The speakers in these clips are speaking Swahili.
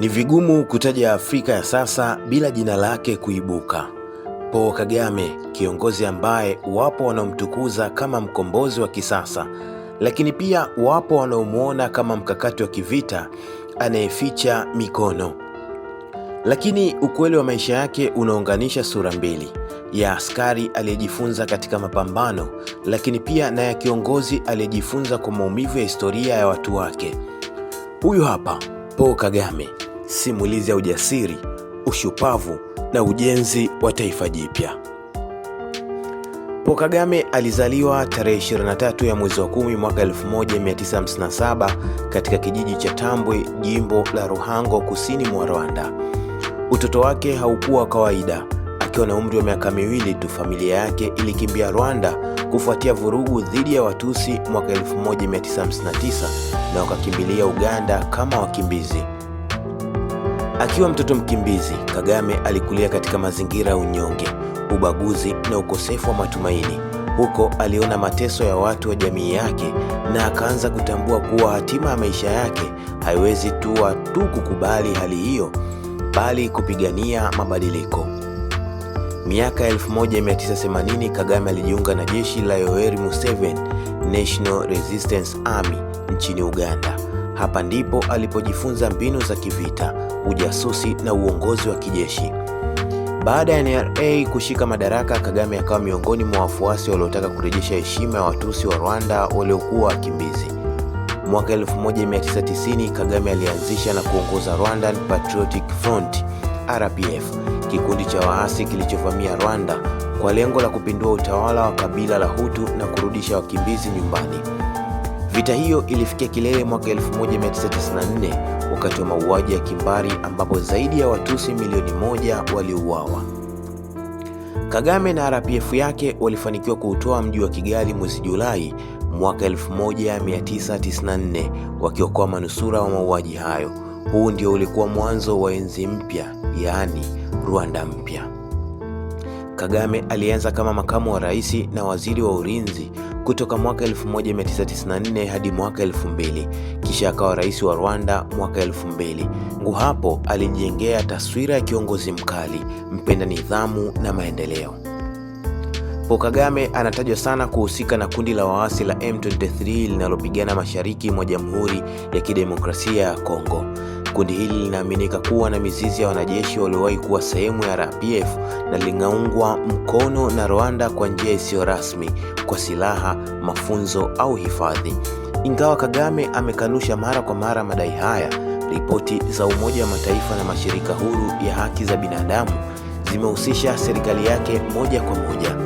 Ni vigumu kutaja Afrika ya sasa bila jina lake kuibuka. Paul Kagame, kiongozi ambaye wapo wanaomtukuza kama mkombozi wa kisasa, lakini pia wapo wanaomwona kama mkakati wa kivita anayeficha mikono. Lakini ukweli wa maisha yake unaunganisha sura mbili, ya askari aliyejifunza katika mapambano, lakini pia na ya kiongozi aliyejifunza kwa maumivu ya historia ya watu wake. Huyu hapa Paul Kagame simulizi ya ujasiri, ushupavu na ujenzi wa taifa jipya. Paul Kagame alizaliwa tarehe 23 ya mwezi wa 10 mwaka 1957 katika kijiji cha Tambwe, jimbo la Ruhango, kusini mwa Rwanda. Utoto wake haukuwa kawaida. Akiwa na umri wa miaka miwili tu, familia yake ilikimbia Rwanda kufuatia vurugu dhidi ya Watusi mwaka 1959 na wakakimbilia Uganda kama wakimbizi. Akiwa mtoto mkimbizi, Kagame alikulia katika mazingira ya unyonge, ubaguzi na ukosefu wa matumaini. Huko aliona mateso ya watu wa jamii yake na akaanza kutambua kuwa hatima ya maisha yake haiwezi tuwa tu kukubali hali hiyo, bali kupigania mabadiliko. Miaka 1980 Kagame alijiunga na jeshi la Yoweri Museveni National Resistance Army nchini Uganda. Hapa ndipo alipojifunza mbinu za kivita, ujasusi na uongozi wa kijeshi. Baada ya NRA kushika madaraka, Kagame akawa miongoni mwa wafuasi waliotaka kurejesha heshima ya Watusi wa Rwanda waliokuwa wakimbizi. Mwaka 1990 Kagame alianzisha na kuongoza Rwandan Patriotic Front RPF, kikundi cha waasi kilichovamia Rwanda kwa lengo la kupindua utawala wa kabila la Hutu na kurudisha wakimbizi nyumbani. Vita hiyo ilifikia kilele mwaka 1994 wakati wa mauaji ya kimbari ambapo zaidi ya Watusi milioni moja waliuawa. Kagame na RPF yake walifanikiwa kuutoa mji wa Kigali mwezi Julai mwaka 1994 wakiokoa manusura wa mauaji hayo. Huu ndio ulikuwa mwanzo wa enzi mpya, yaani Rwanda mpya. Kagame alianza kama makamu wa rais na waziri wa ulinzi kutoka mwaka 1994 hadi mwaka 2000, kisha akawa rais wa Rwanda mwaka 2000. ngu hapo alijengea taswira ya kiongozi mkali, mpenda nidhamu na maendeleo. Paul Kagame anatajwa sana kuhusika na kundi la waasi la M23 linalopigana mashariki mwa Jamhuri ya Kidemokrasia ya Kongo. Kundi hili linaaminika kuwa na mizizi ya wanajeshi waliowahi kuwa sehemu ya RPF na linaungwa mkono na Rwanda kwa njia isiyo rasmi kwa silaha, mafunzo au hifadhi. Ingawa Kagame amekanusha mara kwa mara madai haya, ripoti za Umoja wa Mataifa na mashirika huru ya haki za binadamu zimehusisha serikali yake moja kwa moja.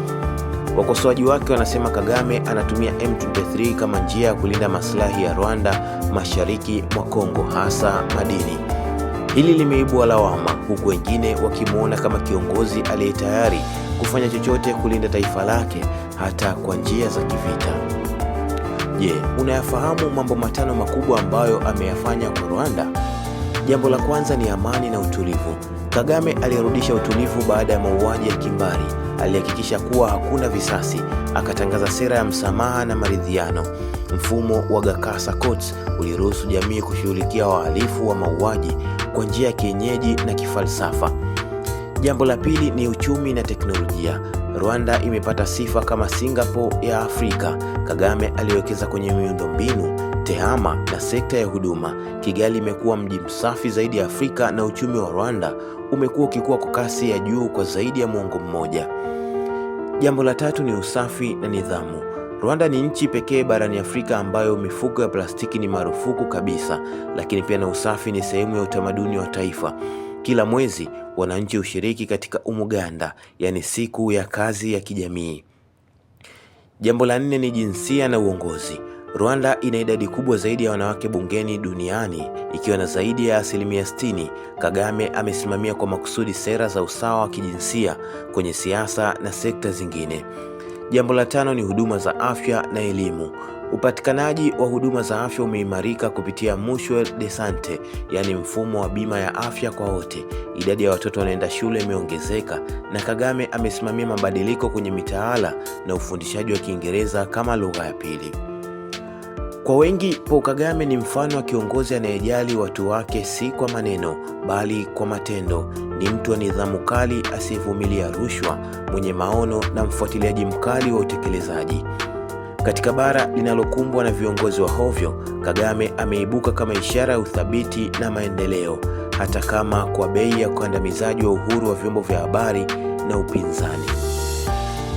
Wakosoaji wake wanasema Kagame anatumia M23 kama njia ya kulinda maslahi ya Rwanda mashariki mwa Kongo, hasa madini. Hili limeibua lawama, huku wengine wakimwona kama kiongozi aliye tayari kufanya chochote kulinda taifa lake hata kwa njia za kivita. Je, unayafahamu mambo matano makubwa ambayo ameyafanya kwa Rwanda? Jambo la kwanza ni amani na utulivu. Kagame alirudisha utulivu baada ya mauaji ya kimbari, alihakikisha kuwa hakuna visasi, akatangaza sera ya msamaha na maridhiano. Mfumo wa Gacaca Courts uliruhusu jamii kushughulikia wahalifu wa mauaji kwa njia ya kienyeji na kifalsafa. Jambo la pili ni uchumi na teknolojia. Rwanda imepata sifa kama Singapore ya Afrika. Kagame aliwekeza kwenye miundombinu TEHAMA na sekta ya huduma, Kigali imekuwa mji msafi zaidi ya Afrika na uchumi wa Rwanda umekuwa ukikua kwa kasi ya juu kwa zaidi ya mwongo mmoja. Jambo la tatu ni usafi na nidhamu. Rwanda ni nchi pekee barani Afrika ambayo mifuko ya plastiki ni marufuku kabisa, lakini pia na usafi ni sehemu ya utamaduni wa taifa. Kila mwezi wananchi hushiriki katika umuganda, yaani siku ya kazi ya kijamii. Jambo la nne ni jinsia na uongozi. Rwanda ina idadi kubwa zaidi ya wanawake bungeni duniani ikiwa na zaidi ya asilimia 60. Kagame amesimamia kwa makusudi sera za usawa wa kijinsia kwenye siasa na sekta zingine. Jambo la tano ni huduma za afya na elimu. Upatikanaji wa huduma za afya umeimarika kupitia Mutuelle de Sante, yaani mfumo wa bima ya afya kwa wote. Idadi ya watoto wanaenda shule imeongezeka, na Kagame amesimamia mabadiliko kwenye mitaala na ufundishaji wa Kiingereza kama lugha ya pili. Kwa wengi, Paul Kagame ni mfano wa kiongozi anayejali watu wake, si kwa maneno bali kwa matendo. Ni mtu wa nidhamu kali, asiyevumilia rushwa, mwenye maono na mfuatiliaji mkali wa utekelezaji. Katika bara linalokumbwa na viongozi wa hovyo, Kagame ameibuka kama ishara ya uthabiti na maendeleo, hata kama kwa bei ya ukandamizaji wa uhuru wa vyombo vya habari na upinzani.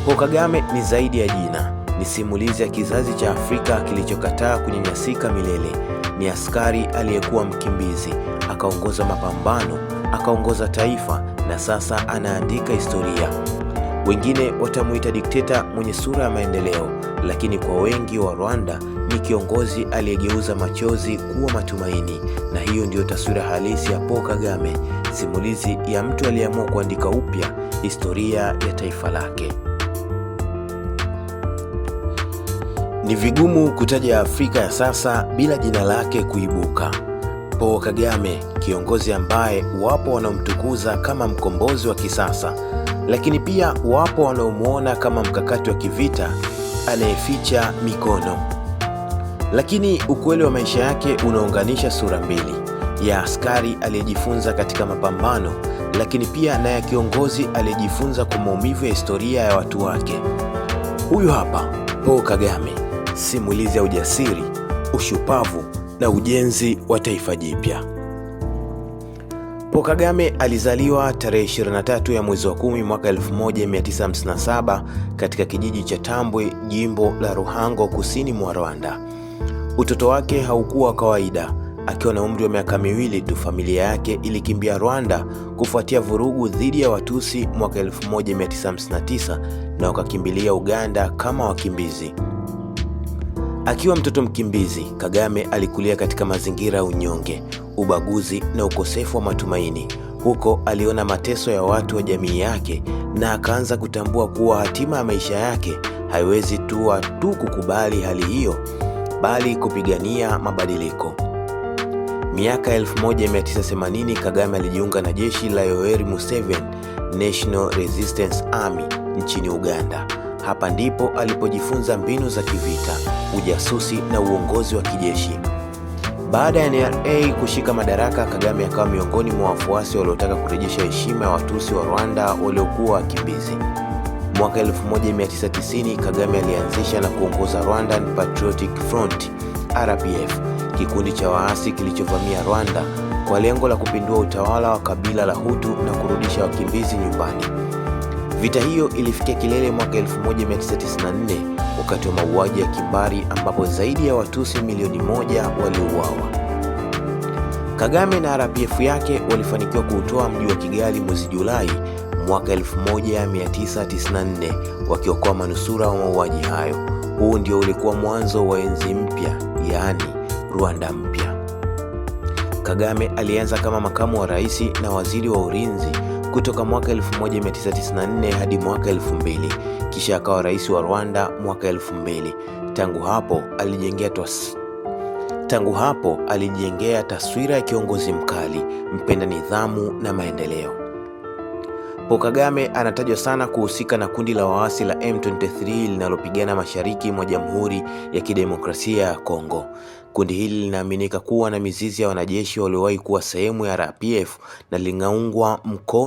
Paul Kagame ni zaidi ya jina ni simulizi ya kizazi cha Afrika kilichokataa kunyanyasika milele. Ni askari aliyekuwa mkimbizi, akaongoza mapambano, akaongoza taifa, na sasa anaandika historia. Wengine watamuita dikteta mwenye sura ya maendeleo, lakini kwa wengi wa Rwanda ni kiongozi aliyegeuza machozi kuwa matumaini. Na hiyo ndiyo taswira halisi ya Paul Kagame, simulizi ya mtu aliyeamua kuandika upya historia ya taifa lake. Ni vigumu kutaja Afrika ya sasa bila jina lake kuibuka. Paul Kagame, kiongozi ambaye wapo wanaomtukuza kama mkombozi wa kisasa, lakini pia wapo wanaomwona kama mkakati wa kivita anayeficha mikono. Lakini ukweli wa maisha yake unaunganisha sura mbili, ya askari aliyejifunza katika mapambano, lakini pia na ya kiongozi aliyejifunza kwa maumivu ya historia ya watu wake. Huyu hapa Paul Kagame simulizi ya ujasiri, ushupavu na ujenzi wa taifa jipya. Paul Kagame alizaliwa tarehe 23 ya mwezi wa 10 mwaka 1957 katika kijiji cha Tambwe, jimbo la Ruhango, kusini mwa Rwanda. Utoto wake haukuwa kawaida. Akiwa na umri wa miaka miwili tu, familia yake ilikimbia Rwanda kufuatia vurugu dhidi ya Watusi mwaka 1959 na wakakimbilia Uganda kama wakimbizi. Akiwa mtoto mkimbizi, Kagame alikulia katika mazingira ya unyonge, ubaguzi na ukosefu wa matumaini. Huko aliona mateso ya watu wa jamii yake na akaanza kutambua kuwa hatima ya maisha yake haiwezi tuwa tu kukubali hali hiyo, bali kupigania mabadiliko. Miaka 1980 Kagame alijiunga na jeshi la Yoweri Museveni National Resistance Army nchini Uganda. Hapa ndipo alipojifunza mbinu za kivita ujasusi na uongozi wa kijeshi. Baada ya NRA kushika madaraka, Kagame akawa miongoni mwa wafuasi waliotaka kurejesha heshima ya Watusi wa Rwanda waliokuwa wakimbizi. Mwaka 1990 Kagame alianzisha na kuongoza Rwandan Patriotic Front RPF, kikundi cha waasi kilichovamia Rwanda kwa lengo la kupindua utawala wa kabila la Hutu na kurudisha wakimbizi nyumbani. Vita hiyo ilifikia kilele mwaka 1994 wakati wa mauaji ya kimbari ambapo zaidi ya Watusi milioni moja waliuawa. Kagame na RPF yake walifanikiwa kuutoa mji wa Kigali mwezi Julai mwaka 1994 wakiokoa manusura wa mauaji hayo. Huu ndio ulikuwa mwanzo wa enzi mpya, yaani Rwanda mpya. Kagame alianza kama makamu wa rais na waziri wa ulinzi kutoka mwaka 1994 hadi mwaka 2000, kisha akawa rais wa Rwanda mwaka 2000. Tangu hapo alijengea twas... tangu hapo alijengea taswira ya kiongozi mkali, mpenda nidhamu na maendeleo. Paul Kagame anatajwa sana kuhusika na kundi la waasi la M23 linalopigana mashariki mwa Jamhuri ya Kidemokrasia ya Kongo. Kundi hili linaaminika kuwa na mizizi ya wanajeshi waliowahi kuwa sehemu ya RPF na linaungwa mkono